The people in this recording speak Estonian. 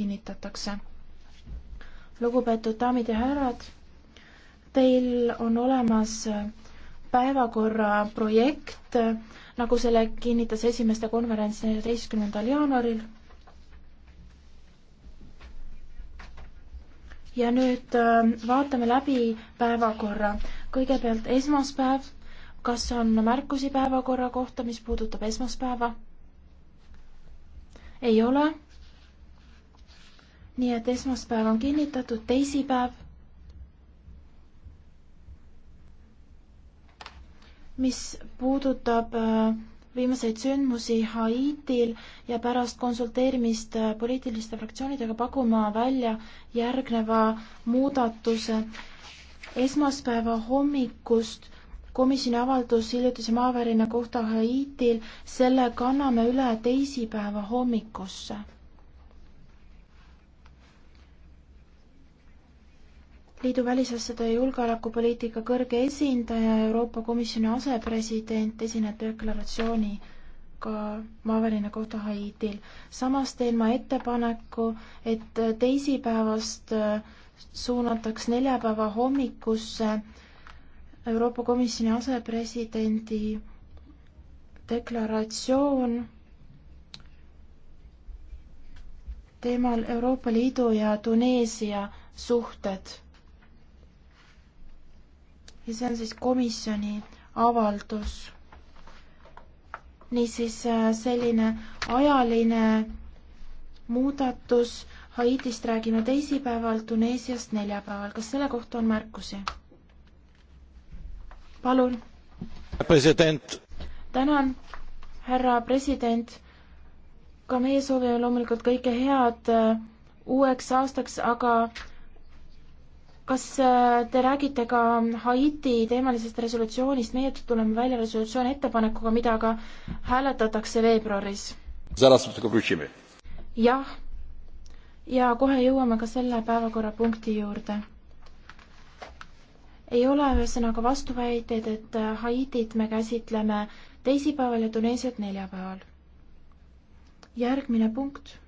kinnitatakse. lugupeetud daamid ja härrad, teil on olemas päevakorra projekt, nagu selle kinnitas esimeste konverents neljateistkümnendal jaanuaril. ja nüüd äh, vaatame läbi päevakorra. kõigepealt esmaspäev, kas on märkusi päevakorra kohta, mis puudutab esmaspäeva? ei ole nii et esmaspäev on kinnitatud, teisipäev. mis puudutab äh, viimaseid sündmusi Haitil ja pärast konsulteerimist äh, poliitiliste fraktsioonidega pakuma välja järgneva muudatuse. esmaspäeva hommikust komisjoni avaldus hiljutise maavärina kohta Haitil, selle kanname üle teisipäeva hommikusse liidu välisasjade ja julgeolekupoliitika kõrge esindaja, Euroopa Komisjoni asepresident esineb deklaratsiooniga maavärina kohta Haitil. samas teen ma ettepaneku, et teisipäevast suunataks neljapäeva hommikusse Euroopa Komisjoni asepresidendi deklaratsioon teemal Euroopa Liidu ja Tuneesia suhted ja see on siis komisjoni avaldus. niisiis äh, selline ajaline muudatus, Haitist räägime teisipäeval, Tuneesiast neljapäeval, kas selle kohta on märkusi? palun. president. tänan, härra president. ka meie soovime loomulikult kõike head äh, uueks aastaks, aga kas äh, te räägite ka Haiti teemalisest resolutsioonist, meie tuleme välja resolutsiooni ettepanekuga, mida ka hääletatakse veebruaris? jah, ja kohe jõuame ka selle päevakorrapunkti juurde. ei ole ühesõnaga vastuväiteid, et äh, Haitit me käsitleme teisipäeval ja Tuneesiat neljapäeval. järgmine punkt